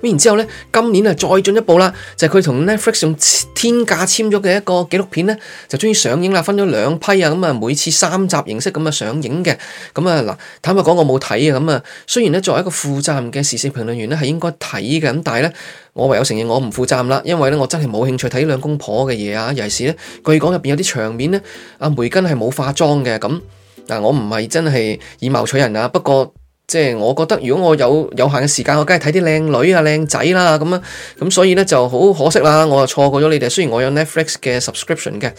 咁然之後咧，今年啊再進一步啦，就係、是、佢同 Netflix 用天價簽咗嘅一個紀錄片咧，就終於上映啦，分咗兩批啊，咁啊每次三集形式咁啊上映嘅。咁啊嗱，坦白講我冇睇啊，咁、嗯、啊雖然咧作為一個負責任嘅時事評論員咧係應該睇嘅，咁但係咧我唯有承認我唔負責任啦，因為咧我真係冇興趣睇兩公婆嘅嘢啊，尤其是咧據講入邊有啲場面咧，阿梅根係冇化妝嘅，咁、嗯、嗱我唔係真係以貌取人啊，不過。即係我覺得，如果我有有限嘅時間，我梗係睇啲靚女啊、靚仔啦，咁樣，咁所以咧就好可惜啦，我又錯過咗你哋。雖然我有 Netflix 嘅 subscription 嘅。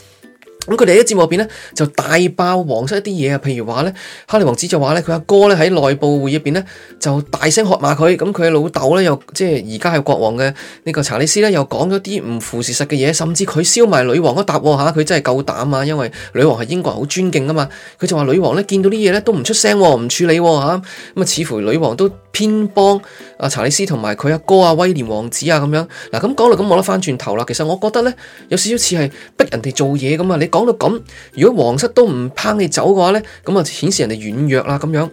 咁佢哋喺節目入邊咧就大爆王室一啲嘢啊，譬如話咧，哈利王子就話咧佢阿哥咧喺內部會議入邊咧就大聲喝罵佢，咁佢老豆咧又即係而家係國王嘅呢個查理斯咧又講咗啲唔符事實嘅嘢，甚至佢燒埋女王一笪，吓佢真係夠膽啊，因為女王係英國人好尊敬噶嘛，佢就話女王咧見到啲嘢咧都唔出聲，唔處理吓、啊，咁啊似乎女王都偏幫啊查理斯同埋佢阿哥啊威廉王子啊咁樣，嗱咁講落咁冇得翻轉頭啦，其實我覺得咧有少少似係逼人哋做嘢咁啊，你講到咁，如果皇室都唔拚你走嘅話呢，咁啊顯示人哋軟弱啦咁樣。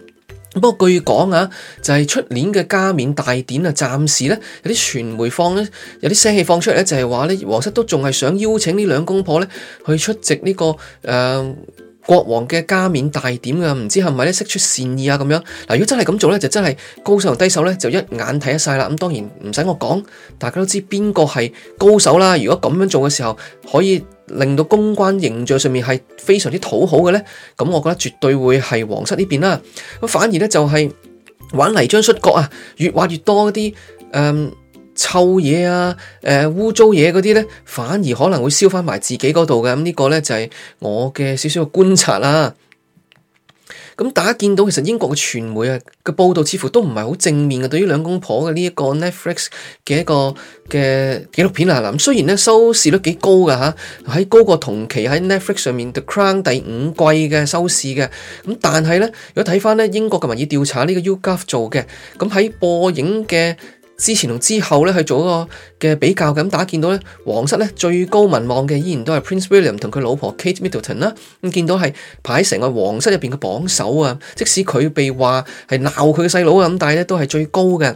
不過據講啊，就係、是、出年嘅加冕大典啊，暫時呢，有啲傳媒放呢，有啲聲氣放出嚟呢，就係、是、話呢，皇室都仲係想邀請兩呢兩公婆呢去出席呢、這個誒、呃、國王嘅加冕大典噶，唔知係咪呢釋出善意啊咁樣。嗱、啊，如果真係咁做呢，就真係高手同低手呢，就一眼睇得晒啦。咁當然唔使我講，大家都知邊個係高手啦。如果咁樣做嘅時候可以。令到公關形象上面係非常之討好嘅咧，咁我覺得絕對會係皇室呢邊啦。咁反而咧就係、是、玩泥漿摔角啊，越挖越多嗰啲誒臭嘢啊，誒污糟嘢嗰啲咧，反而可能會燒翻埋自己嗰度嘅。咁呢個咧就係、是、我嘅少少嘅觀察啦、啊。咁大家見到其實英國嘅傳媒啊嘅報道似乎都唔係好正面嘅，對於兩公婆嘅呢一個 Netflix 嘅一個嘅紀錄片啊。咁雖然咧收視率幾高㗎吓，喺高過同期喺 Netflix 上面 The Crown 第五季嘅收視嘅。咁但係咧，如果睇翻咧英國嘅民意調查呢、呢個 YouGov 做嘅，咁喺播映嘅。之前同之後咧去做一個嘅比較咁打，大家見到咧皇室咧最高民望嘅依然都係 Prince William 同佢老婆 Kate Middleton 啦、啊。咁見到係排喺成個皇室入邊嘅榜首啊，即使佢被話係鬧佢細佬咁，但係咧，都係最高嘅。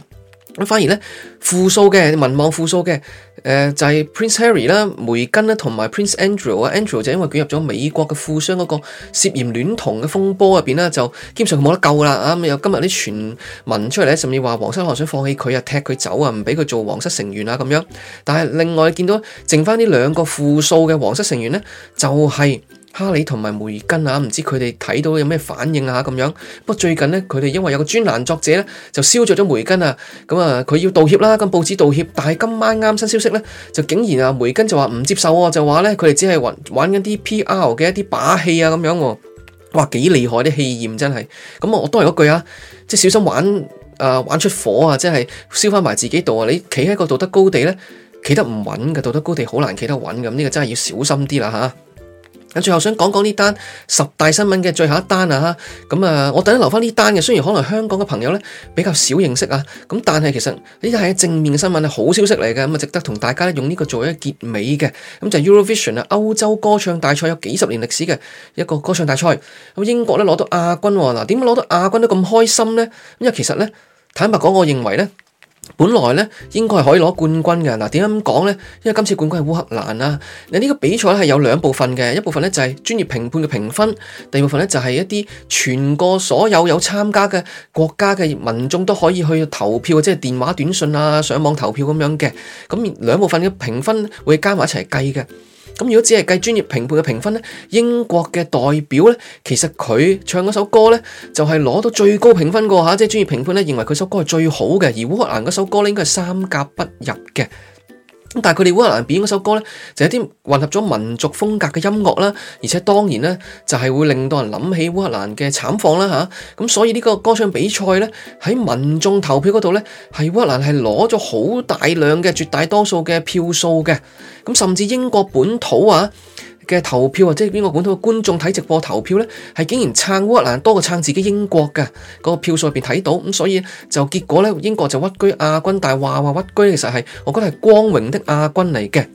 咁反而咧負數嘅民望，負數嘅。呃、就係、是、Prince Harry 啦、梅根啦，同埋 Prince Andrew 啊，Andrew 就因為佢捲入咗美國嘅富商嗰個涉嫌戀童嘅風波入邊咧，就基本上佢冇得救啦啊、嗯！又今日啲傳聞出嚟咧，甚至話皇室想放棄佢啊，踢佢走啊，唔畀佢做皇室成員啊咁樣。但係另外見到剩翻呢兩個負數嘅皇室成員咧，就係、是。哈利同埋梅根啊，唔知佢哋睇到有咩反應啊，咁樣。不過最近咧，佢哋因為有個專欄作者咧，就燒着咗梅根啊，咁啊，佢要道歉啦，咁、啊、報紙道歉。但係今晚啱新消息咧，就竟然啊，梅根就話唔接受啊，就話咧，佢哋只係玩玩緊啲 PR 嘅一啲把戲啊，咁樣。哇，幾厲害啲氣焰真係。咁啊，我多言一句啊，即係小心玩啊，玩出火啊，即係燒翻埋自己度啊。你企喺個道德高地咧，企得唔穩嘅道德高地，好難企得穩咁。呢個真係要小心啲啦，吓、啊。最後想講講呢單十大新聞嘅最後一單啊，咁啊，我等下留返呢單嘅，雖然可能香港嘅朋友呢比較少認識啊，咁但係其實呢啲係正面嘅新聞，好消息嚟嘅，咁啊，值得同大家呢用呢個做一個結尾嘅，咁就 Eurovision 啊，歐洲歌唱大賽有幾十年歷史嘅一個歌唱大賽，咁英國呢攞到亞軍喎。嗱，點解攞到亞軍都咁開心呢？因為其實呢，坦白講，我認為呢。本來呢應該係可以攞冠軍嘅，嗱點解講呢？因為今次冠軍係烏克蘭啦，啊。你、這、呢個比賽係有兩部分嘅，一部分呢就係專業評判嘅評分，第二部分呢就係一啲全國所有有參加嘅國家嘅民眾都可以去投票，即係電話短信啊、上網投票咁樣嘅。咁兩部分嘅評分會加埋一齊計嘅。咁如果只係計專業評判嘅評分呢，英國嘅代表呢，其實佢唱嗰首歌呢，就係攞到最高評分個嚇，即係專業評判呢，認為佢首歌係最好嘅，而烏克蘭嗰首歌呢應該係三甲不入嘅。但係佢哋烏克蘭編嗰首歌咧，就有、是、啲混合咗民族風格嘅音樂啦，而且當然咧就係、是、會令到人諗起烏克蘭嘅慘況啦吓，咁、啊、所以呢個歌唱比賽咧喺民眾投票嗰度咧，係烏克蘭係攞咗好大量嘅絕大多數嘅票數嘅，咁、啊、甚至英國本土啊。嘅投票啊，即係邊個本土嘅觀眾睇直播投票咧，係竟然撐烏克蘭多過撐自己英國嘅嗰、那個票數入邊睇到，咁所以就結果咧，英國就屈居亞軍，但係話話屈居其實係我覺得係光榮的亞軍嚟嘅。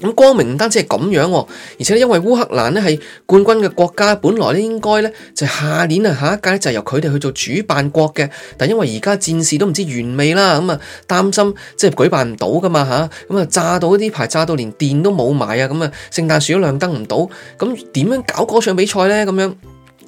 咁光明唔單止係咁樣，而且因為烏克蘭咧係冠軍嘅國家，本來咧應該咧就係下年啊，下一屆就係由佢哋去做主辦國嘅，但因為而家戰事都唔知完未啦，咁啊擔心即係舉辦唔到噶嘛吓，咁啊炸到啲牌，炸到連電都冇埋啊，咁啊聖誕樹都亮燈唔到，咁點樣搞嗰場比賽咧咁樣？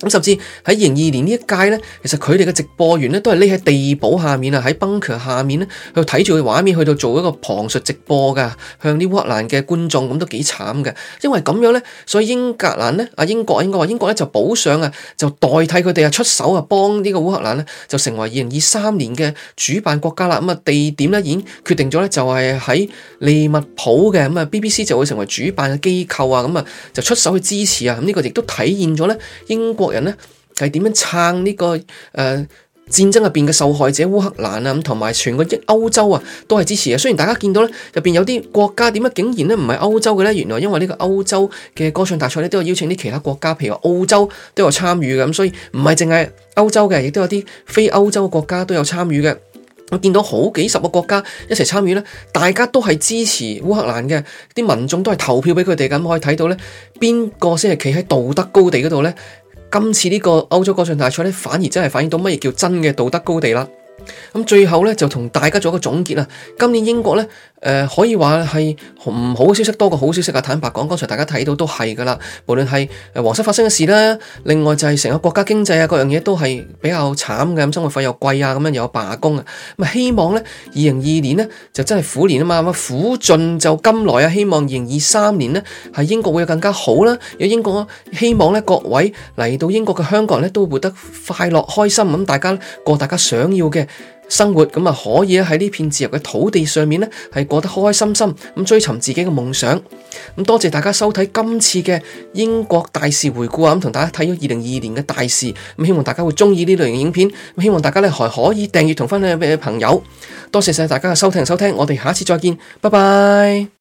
咁甚至喺2022年呢一屆咧，其實佢哋嘅直播員咧都係匿喺地堡下面啊，喺 bunker 下面咧去睇住佢畫面，去到做一個旁述直播噶，向啲烏克蘭嘅觀眾咁都幾慘嘅。因為咁樣咧，所以英格蘭咧，阿英國啊，應該話英國咧就補上啊，就代替佢哋啊出手啊幫呢個烏克蘭咧，就成為2023年嘅主辦國家啦。咁、嗯、啊地點咧已經決定咗咧，就係喺利物浦嘅咁啊 BBC 就會成為主辦嘅機構啊，咁、嗯、啊就出手去支持啊。咁、嗯這個、呢個亦都體現咗咧英國人咧係點樣撐呢、這個誒、呃、戰爭入邊嘅受害者烏克蘭啊，咁同埋全個歐洲啊，都係支持啊。雖然大家見到咧入邊有啲國家點解竟然咧唔係歐洲嘅咧，原來因為呢個歐洲嘅歌唱大賽咧都有邀請啲其他國家，譬如話澳洲都有參與嘅咁，所以唔係淨係歐洲嘅，亦都有啲非歐洲嘅國家都有參與嘅。我見到好幾十個國家一齊參與咧，大家都係支持烏克蘭嘅，啲民眾都係投票俾佢哋咁，可以睇到咧邊個先係企喺道德高地嗰度咧。今次呢個歐洲歌唱大賽呢，反而真係反映到乜嘢叫真嘅道德高地啦。咁最後呢，就同大家做一個總結啦。今年英國呢。誒、呃、可以話係唔好消息多過好消息啊！坦白講，剛才大家睇到都係噶啦，無論係誒皇室發生嘅事啦，另外就係成個國家經濟啊，各樣嘢都係比較慘嘅，咁生活費又貴啊，咁樣又有罷工啊，咁希望咧，二零二二年咧就真係苦年啊嘛，咁苦盡就甘來啊！希望二零二三年咧，係英國會更加好啦，有英國呢希望咧，各位嚟到英國嘅香港人咧，都活得快樂開心，咁大家過大家想要嘅。生活咁啊，可以喺呢片自由嘅土地上面呢係過得開開心心，咁追尋自己嘅夢想。咁多謝大家收睇今次嘅英國大事回顧啊，咁同大家睇咗二零二二年嘅大事。咁希望大家會中意呢類型影片，希望大家咧還可以訂閱同分享俾朋友。多謝晒大家嘅收聽收聽，我哋下次再見，拜拜。